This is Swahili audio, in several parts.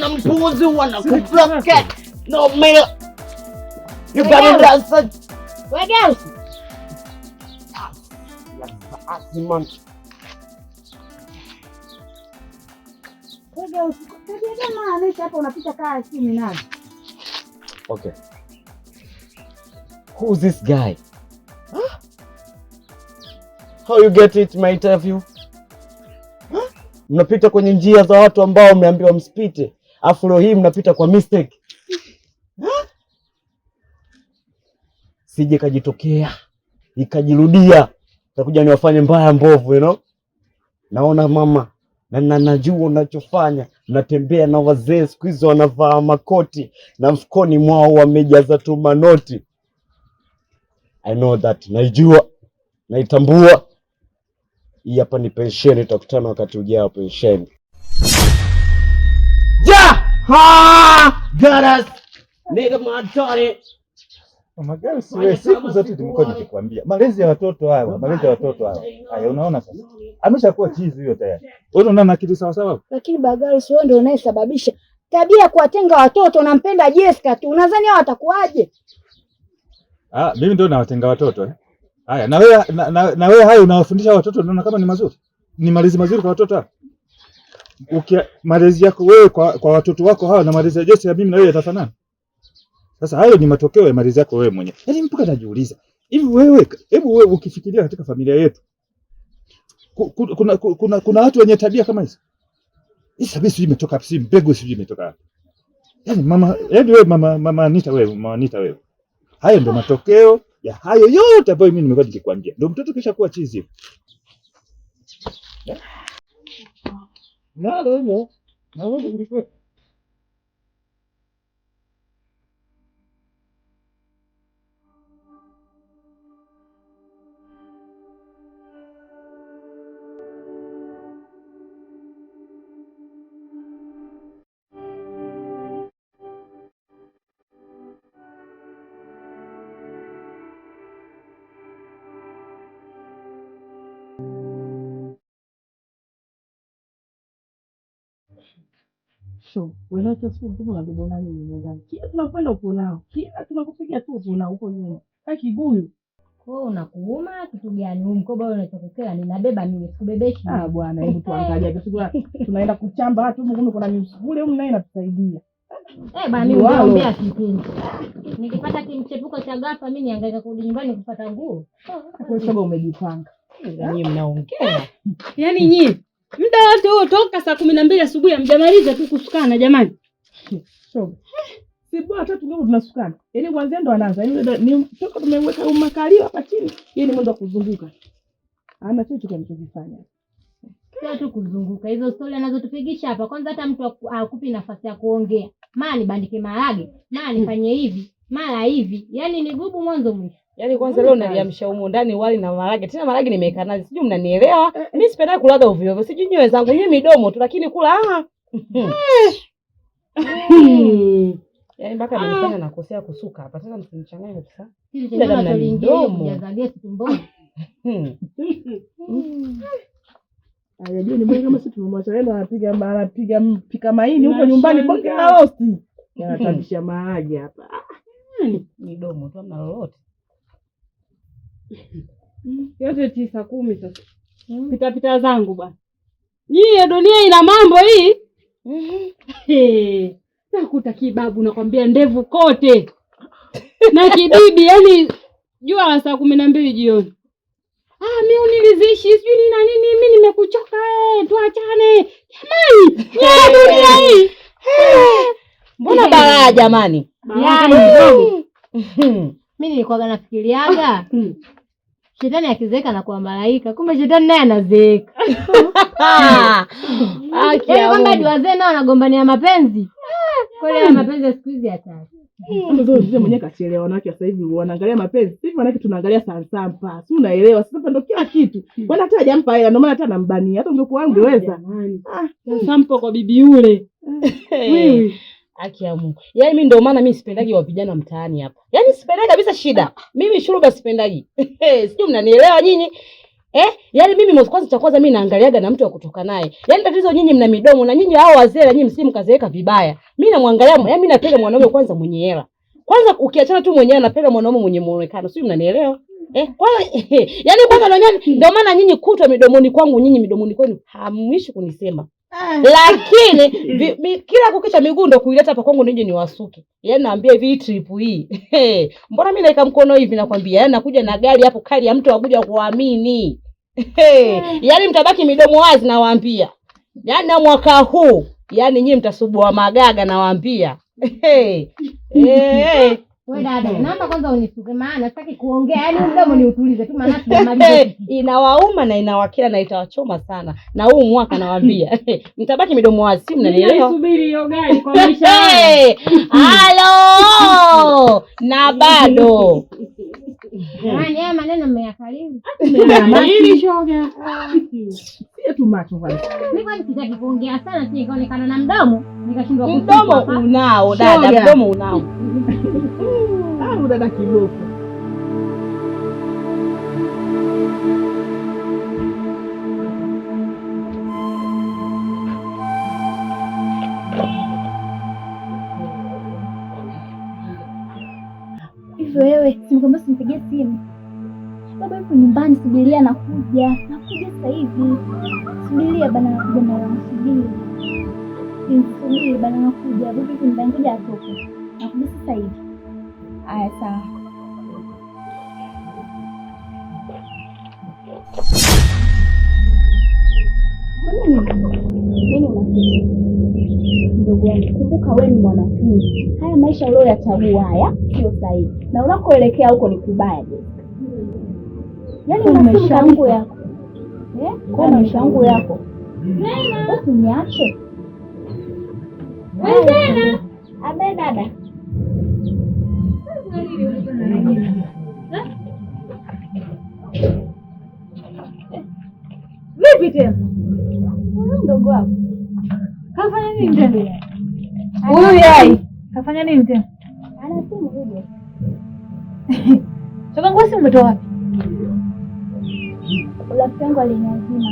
wanampuuzi, wanakublock. No mail. You got it ransom. Wake up. Okay. Who's this guy? Huh? How you get it my interview? Huh? Mnapita kwenye njia za watu ambao umeambiwa msipite afu leo hii mnapita kwa mistake. Sije kajitokea ikajirudia, takuja niwafanye mbaya mbovu, you know? Naona mama na najua unachofanya. Natembea na wazee siku hizo wanavaa makoti na mfukoni mwao wamejaza tu manoti. I know that, naijua naitambua. Hii hapa ni pensheni, tutakutana wakati ujao pensheni. Ja! Ha! us! Nigga my daughter! Oh, siku zote tumekuwa nikikwambia. Malezi ya watoto hayo, malezi ya watoto hayo. Haya unaona sasa. Ameshakuwa chizi tayari. Wewe unaona kitu sawa sawa? Lakini Bagari sio ndio unayesababisha tabia kuwatenga watoto, nampenda Jessica tu. Unadhani hao watakuaje? Ah, mimi ndio nawatenga watoto eh. Haya, na wewe na, na, na wewe hayo unawafundisha watoto unaona kama ni mazuri? Ni malezi mazuri kwa watoto malezi yako wewe kwa, kwa watoto wako hawa na malezi ya Jesse ya mimi na wewe yatafanana. Sasa hayo ni matokeo ya malezi yako wewe mwenyewe. Yaani mpaka najiuliza hivi wewe, hebu wewe ukifikiria katika familia yetu kuna, kuna, kuna, kuna watu wenye tabia kama hizo Hii tabia sijui imetoka wapi, sijui mbegu sijui imetoka wapi. Yaani mama, yaani wewe mama, mama Anita wewe, mama Anita wewe. Hayo ndio matokeo ya hayo yote ambayo mimi nimekuwa nikikwambia. Ndio mtoto kisha kuwa chizi. Yeah. 我个？哪个？kesho welete siku mzima unabebana mimi nyumbani, kila tunakwenda uko nao, kila tunakupiga tu uko nao huko nyuma ka kibuyu. Kwa hiyo unakuuma kitu gani? Huu mkoba wewe unachokukela ninabeba mimi, sikubebeshi. Ah bwana, hebu tuangalie kesho tunaenda kuchamba watu huko, kumbe kuna msukule huko naye inatusaidia. Eh bwana, mimi naombea kipindi nikipata kimchepuko cha ghafla mimi niangaika kurudi nyumbani kupata nguo. Kwa hiyo umejipanga. Yaani mnaongea. Yaani nyinyi muda wote huo toka saa kumi na mbili asubuhi amjamaliza tu kusukana jamani. So, sibu tatu ndio tunasukana. Yaani kwanza ndo anaanza. Yaani Ni toka tumeweka umakalio hapa chini. Yeye ni mwendo kuzunguka. Ana kitu kinachojifanya. Sio tu kuzunguka. Hizo story anazotupigisha hapa. Kwanza hata mtu akupi nafasi ya kuongea. Mara nibandike marage, mara nifanye hmm. hivi, mara hivi. Yaani ni gubu mwanzo mwisho. Yaani kwanza leo naliamsha humo ndani wali na marage. Tena marage nimeweka nazi. Sijui mnanielewa? Mimi eh, eh. sipenda kulaga ovyo ovyo. Sijui nyewe zangu nyewe midomo tu lakini kula ah. Hmm. Yaani mpaka amenifanya nakosea kusuka hapa. Sasa msinichanganye kabisa. Dada mna midomo. Hmm. Ayajua ni mbona kama sisi tumemwacha yeye anapiga mbara piga mpika maini huko nyumbani kwake na rosti. Anatabisha hmm. mahaja hapa. Midomo tu na lolote. yote tisa kumi sasa mm. pitapita zangu bwana, ya dunia ina mambo hii mm. hey. nakuta kibabu nakwambia ndevu kote na kibibi yani jua la saa kumi na mbili jioni Ah, mi unilizishi sijui nina nini, mi nimekuchoka eh, tuachane jamani. ni dunia hii mbona balaa jamani, yani mi nilikuwaga nafikiriaga hmm. Shetani akizeeka na kuwa malaika, kumbe shetani naye anazeeka. Yaani kwamba hadi wazee nao wanagombania mapenzi kweli. Mapenzi ya siku hizi hatari mwenyewe kachelewa. Wanawake sasa hivi wanaangalia mapenzi, sisi wanawake tunaangalia sansampa, si unaelewa? Sasa ndo kila kitu bwana, hmm. hata hajampa hela, ndio maana hata anambania. Hata ungekuwa angeweza ah, ah. sansampa kwa bibi yule eh. Aki ya Mungu. Yaani mimi ndio maana mimi sipendagi wa vijana mtaani hapa. Yaani sipendagi kabisa shida. Ah. Mimi shuruba sipendagi. Sijui mnanielewa nyinyi? Eh? Yaani mimi kwanza cha kwanza mimi naangaliaga na mtu wa kutoka naye. Yaani tatizo nyinyi mna midomo na nyinyi hao wazee nyinyi msimkazeeka vibaya. Mimi namwangalia, yaani mimi napenda mwanaume kwanza mwenye hela. Kwanza ukiachana tu mwenyewe napenda mwanaume mwenye muonekano. Sijui mnanielewa? Eh, kwa yaani kwanza ndio maana nyinyi kutwa midomoni kwangu nyinyi midomoni kwenu hamishi kunisema. Eh. lakini vi, mi, kila kukicha miguu ndo kuileta hapa kwangu nije niwasuke. Yaani naambia hivi trip hii. mbona mimi naika mkono hivi nakwambia, yaani nakuja na gari hapo kali ya mtu akuja kuamini. yani eh. yaani mtabaki midomo wazi nawaambia. Yaani na mwaka huu, yaani nyinyi mtasubua magaga nawaambia. We dada, mhm. naomba kwanza unisuke, maana sitaki kuongea. Yaani mdomo niutulize tu, maana tunamaliza. Inawauma na inawakila na itawachoma sana, na huu mwaka nawaambia mtabaki midomo wazi, mnanielewa? Subiri hiyo gari kwa maisha Halo, na bado yaani haya maneno sitaki kuongea sana, na mdomo nikashindwa. Mdomo unao dada, mdomo unao dada kiboko. Hivyo wewe simkwambia, simpigie simu baba, yuko nyumbani, subiria, nakuja, nakuja sasa hivi, subiria bana, nakuja mara, msubiri, simsubiri bana, nakuja baba, yuko kuja atoke, nakuja sasa hivi. Aya, sawa. Hmm. Ndugu yangu, kumbuka wewe ni mwanafunzi. Haya maisha ulioyachagua haya sio sahihi, na unakoelekea huko ni kubaya. Yaani maisha yangu yako eh? kwa maisha yangu yako usiniache. Abee Vipi tena mdogo wako kafanya nini tena? Huyu yai kafanya nini tena? Ana simu choka nguo, simu umetoa wapi? Rafiki yangu aliniazima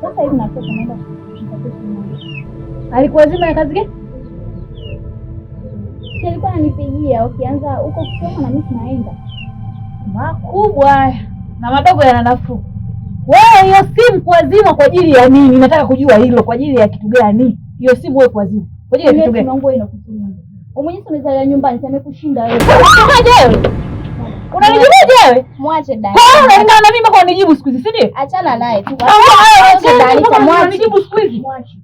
sasa hivi, natoka naenda alikuazima ya kazi gani? Alikuwa ananipigia ukianza huko kusoma na mimi tunaenda makubwa na madogo yana nafuu wewe hiyo simu kuwazima kwa ajili ya nini? Nataka kujua hilo, kwa ajili ya kitu gani? Hiyo simu wewe kuwazima kwa ajili ya kitu gani? mwenyewe, Umezalia nyumbani, amekushinda wewe. Unanijibuje wewe? Mwache dai. Kwa nini unaenda na mimi kwa nijibu siku hizi, si ndio? Achana naye tu. Mwache dai, mwache. Nijibu siku hizi. Mwache.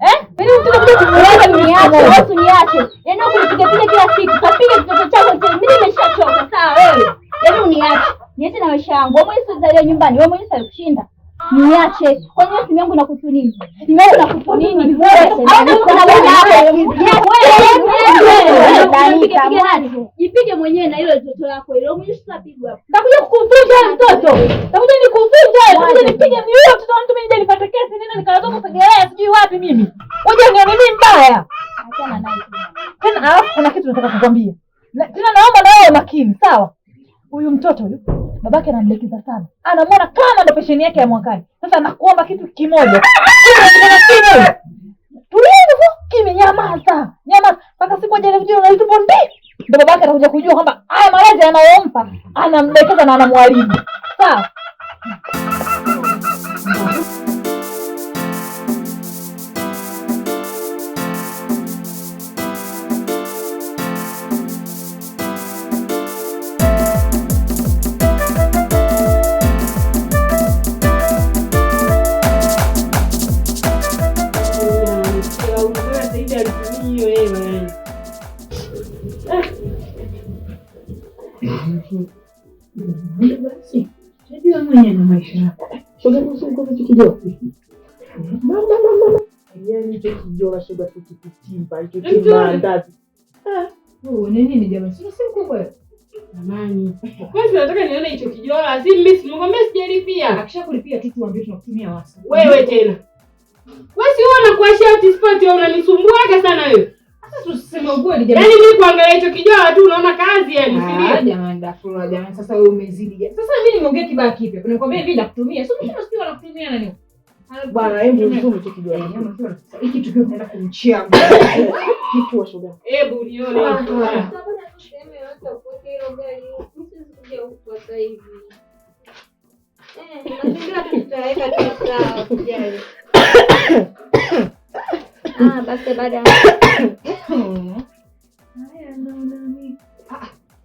Eh? Mimi yaani mtu yaani mtu mmoja niache, watu niache. Yaani unapiga piga kila siku. Kapiga kitoto chako, mimi nimeshachoka, sawa wewe. Yaani uniache niende na maisha yangu. Wewe mwenyewe usizalia nyumbani, wewe mwenyewe usikushinda. Niache. Kwa nini simu yangu inakuhusu nini? Simu yangu inakuhusu nini? Wewe kuna bwana hapo. Wewe jipige mwenyewe na hilo toto wewe hilo. Mimi sitapigwa. Nakuja wewe mtoto. Nakuja wewe nakuja nipige miua mtoto wangu mimi ndio kesi nini nikalazo kusogelea sijui wapi mimi. Uje nione mimi mbaya. Achana naye. Tena alafu kuna kitu nataka kukwambia. Tena naomba na wewe makini, sawa? huyu mtoto huyu babake anamlekeza sana, anamwona kama ndo pesheni yake ya mwakani. Sasa nakuomba kitu kimoja, tulivu, kimya, nyamaza, nyamaza mpaka siku ajale kujua unaitupo ndi ndo babake anakuja kujua kwamba haya malazi anayompa anamlekeza na anamwalimu Sawa. jamii wewe. najua mwenye na maisha yako hicho kijora shoga, tukikitimba hicho kimaandazi uone nini jamani? Sio siku kweli Amani. Kwanza nataka nione hicho kijora, si mimi simwambia sijalipia. Akishakulipia tu tuambie tunakutumia wasi. Wewe tena. Wewe si uona kwa shati sport au unanisumbuaga sana wewe. Sasa tuseme ukweli jamani. Yaani mimi kuangalia hicho kijana tu unaona kazi yani, si ndio? Ah, Jamani dafuru jamani, sasa wewe umezidi. Sasa mimi nimeongea kibaya kipi? Kuna kwambia hivi kutumia. Sio sio na kutumia nani? Bwana, hebu usume hicho kijoa hiki. Hiki tukio tunaenda kumchia. Kitu wa shoga. Hebu nione. Ah, ah. Eh, mazingira tutaweka tu sawa, kujali. Ah, basi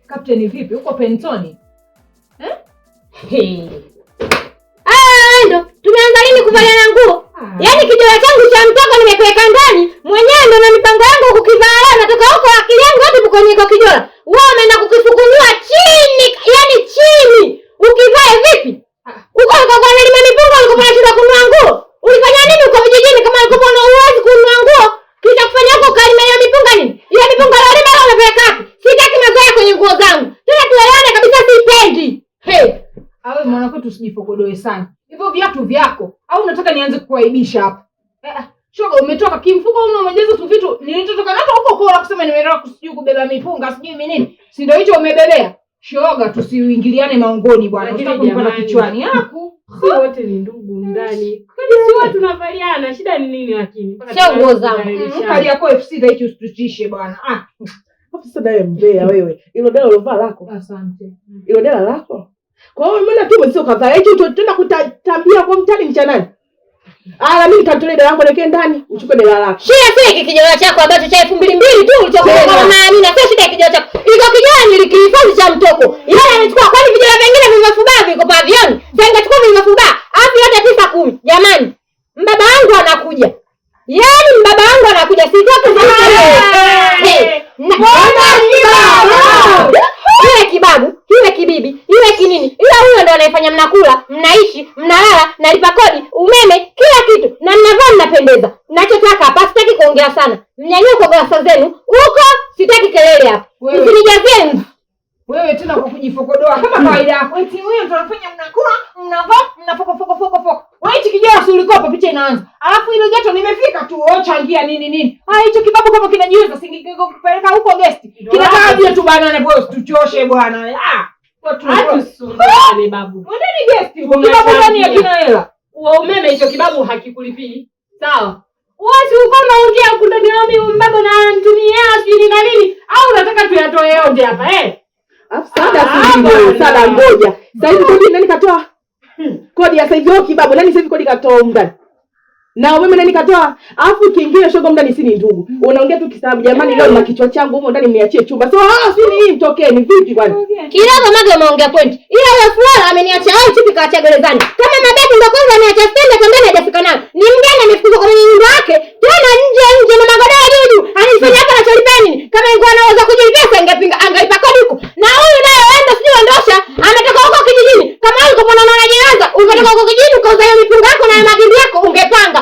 Kapteni, vipi uko Pentoni eh? ah, ndo tumeanza lini kuvalia na nguo ah? Yaani kijola changu cha mtoto nimekiweka ndani mwenyewe, ndo na mipango yangu kukivaa natoka huko akili yangu yote kukonyeko sana. Hivyo viatu vyako au unataka nianze kukuaibisha hapa? Eh, eh shoga umetoka kimfuko au umejaza tu vitu nilitotoka nacho huko kwa kusema nimeenda sijui kubeba mipunga sijui mimi nini. Si ndio hicho umebebea? Shoga tusiingiliane maongoni bwana. Unataka kunipata kichwani yako. Si wote ni ndugu ndani. Kwani si wote tunavaliana? Shida ni nini lakini? Shoga zangu. Kali yako FC za hicho usitutishe bwana. Ah. Hapo sasa mbea wewe. Ilo dela ulovaa lako. Asante. Ilo dela lako. Kwa hiyo mbona tu mwezi ukavaa hicho tutaenda kutambia kwa mtani cha nani? Ah, mimi nikamtolea dada yangu ndani, uchukue dela lako. Shia siki kijana chako ambacho cha 2200 tu ulichokuwa mama na sio shida kijana chako. Iko kijana nilikihifadhi cha mtoko. Yeye anachukua kwani vijana vingine vimefubaa viko pavioni. Sasa ingachukua vimefubaa, hapo hata tisa kumi. Jamani, mbaba wangu anakuja. Yaani mbaba wangu anakuja, sitaki mbaba. Hey. Mbona kibabu? Yule kibabu waliochangia nini nini. Ah, hicho kibabu kama kinajiweza singekupeleka huko guest. Kinakaa juu tu bwana na boss tuchoshe bwana. Ah, ah, ah babu. Mbona ni guest? Kibabu gani hakina hela? Wa umeme hicho kibabu hakikulipii. Sawa. uko na na nini? Au unataka tuyatoe yote hapa eh? Afsada ah, ngoja. Sasa hivi kodi nani katoa? Hmm. Kodi ya sasa hivi oh, kibabu nani sasa hivi kodi katoa na umeme nani katoa, alafu kingine shoga, mda nisini ndugu, unaongea tu kisababu. Jamani, leo na kichwa changu huko ndani, mniachie chumba. So ah, si ni mtokee ni vipi kwani? mama maga, umeongea point, ila wewe fulani ameniacha wewe, chipi kaacha gerezani kama mabeti, ndio kwanza ameacha spenda tembele, hajafika nayo ni mgeni, amefukuzwa kwenye nyumba yake tena nje nje, na magodoro juu juu, anifanya hapa na cholipeni. Kama ingekuwa anaweza kujilipesa, ingepinga angalipa kodi huko, na huyu naye aenda sijui ondosha, ametoka huko kijijini. Kama huyu kwa mwana anajianza, ukatoka huko kijijini, ukauza hiyo mipunga yako na magimbi yako, ungepanga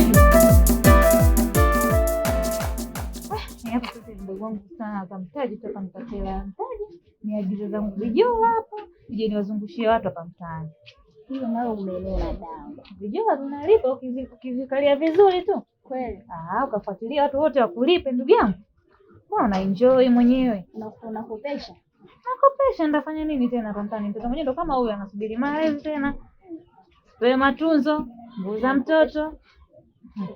mtaji, toka ya mtaji, niajiri zangu vijoo hapo, ije niwazungushie watu hapa mtaani. Hiyo nayo umeelewa dadangu, vijoo tunalipa ukivikalia vizuri tu kweli. Ah, ukafuatilia watu wote wakulipe, ndugu yangu, mbona enjoy mwenyewe, unakopesha nakopesha, ndafanya nini tena hapa mtaani? Mtoto mwenyewe ndo kama huyo, anasubiri malezi tena, wewe matunzo, nguo za mtoto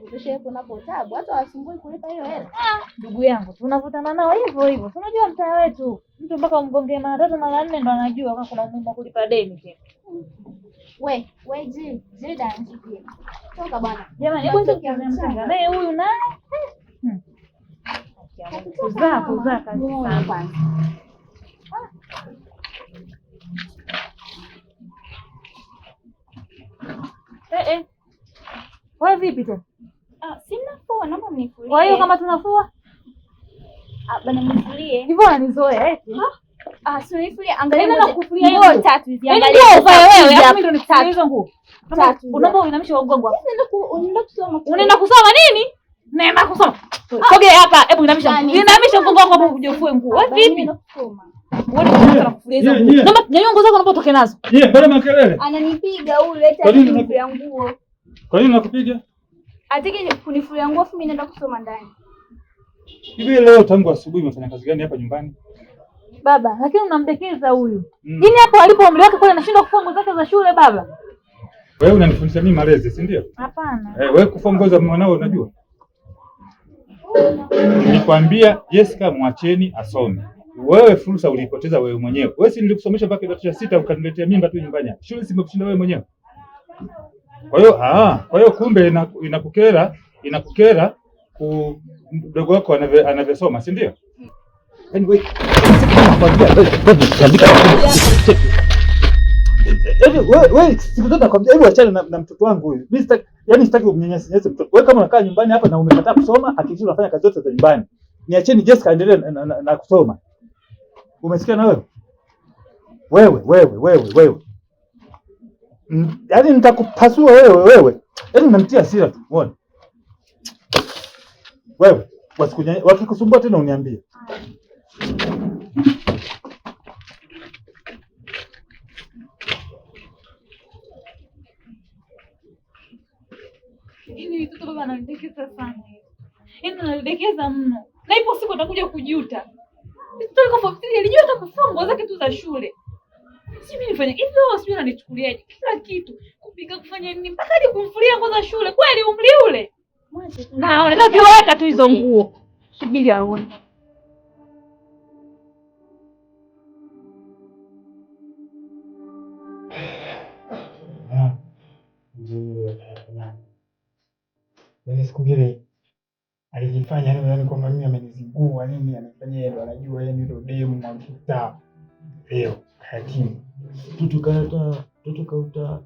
kutoshea tabu, hata wasumbui kulipa hiyo hela. Ah. Ndugu yangu, tunavutana nao hivyo hivyo. Unajua mtaa wetu mtu mpaka umgongee mara tatu mara nne ndo anajua kama kuna umuhimu wa kulipa deni Jamani, huyu naye. Hmm. Kuzaa kuzaa Eh eh. Wewe vipi tu? Ah, naomba Kwa hiyo kama tunafua? Ah, bana Hivyo unanizoea eti. Eh, ah, ah yaani Angalia yaani hiyo tatu hizi. Yaani angalia wewe, hapo mimi hizo nguo. Tatu. Unaomba uinamisha Unaenda kusoma. Unaenda kusoma nini? Naenda kusoma. Sogea hapa, hebu inamisha. Inamisha ugongo wangu hapo ujifue nguo. Wewe vipi? Naomba nyanyua nguo zako unapotoke nazo. Yeye, Ananipiga huyu, leta nguo. Kwa nini nakupiga? Atiki kunifulia nguo afu mimi naenda kusoma ndani. Hivi leo tangu asubuhi umefanya kazi gani hapa nyumbani? Baba, lakini unamdekeza huyu. Mm. Jini hapo alipo umri wake kule anashindwa kufua nguo zake za shule baba. Wewe unanifundisha mimi malezi, si ndio? Hapana. Eh, wewe kufua nguo za mwanao unajua? Nikwambia Jessica mwacheni asome. Wewe fursa ulipoteza wewe mwenyewe. Wewe si nilikusomesha mpaka kidato cha sita ukaniletea mimba tu nyumbani. Shule simekushinda wewe mwenyewe. Kwa hiyo ah, kwa hiyo kumbe inakukera inakukera ku mdogo wako anavyosoma, si ndio? Anyway, yaani, achana na mtoto wangu huyu. Mimi sitaki, yani sitaki mtoto. Wewe kama unakaa nyumbani hapa na umekataa kusoma, hakikisha unafanya kazi zote za nyumbani. Niacheni Jessica aendelee na kusoma. Umesikia na wewe? Wewe, wewe, wewe, wewe yaani nitakupasua wewe wewe, yaani unanitia hasira tu. Uone wewe, wakikusumbua tena uniambie. Yaani sana, yaani mno, na ipo siku atakuja kujuta. Alijua atakufua zake tu za shule si mimi nifanye hivi, wao sijui nanichukuliaje, kila kitu kupika, kufanya nini, mpaka hadi kumfulia nguo za shule. Kweli umri ule naona naviweka tu hizo nguo, subiri aone. Yaani Sikugile alijifanya yani yaani kwamba mimi amenizingua nini, yaani anafanya hivyo, anajua, yeye ndo demu wa mtaa leo hakimu tutukauta tutukautaka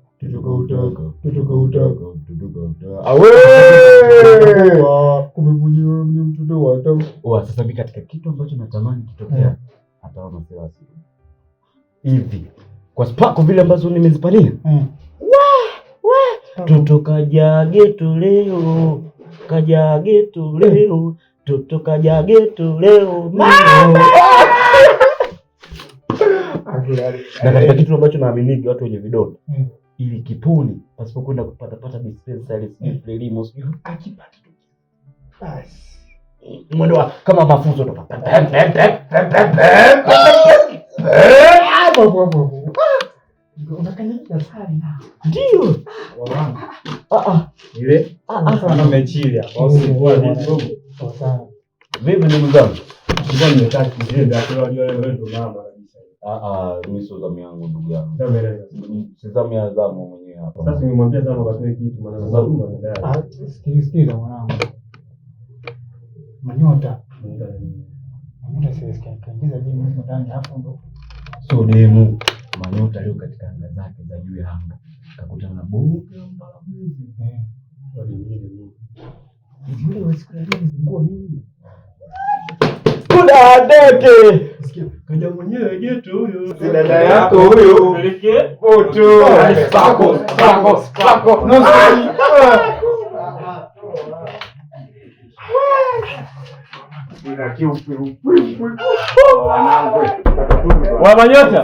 tutukautaka tutukauta mtoto wata sasa. Mi katika kitu ambacho natamani kitokea eh. hata wana wasiwasi hivi kwa spako vile ambazo nimezipania mm. toto kajageto leo kajageto leo eh. toto kajageto leo na katika eh. kitu ambacho naaminiki watu wenye vidonda hmm. ili kipuni pasipo kwenda kupata pata mwendo wa kama mafunzo vipi ndugu zangu Ah, ah, mimi sio zamu yangu ndugu yangu. Si zamu ya zamu mwenyewe hapa. Sasa nimwambia zamu batoe kitu maana zamu anaendea. Ah, sikiliza mwanangu. Manyota. Manyota sisi kaingiza jimu ndani hapo ndo. Sio demu. Manyota leo katika anga zake za juu ya anga. Kakutana na bovu. Kuna deke kaja mwenyewe getu huyo, dada yako huyo, moto pako pako pako nusu Wamanyota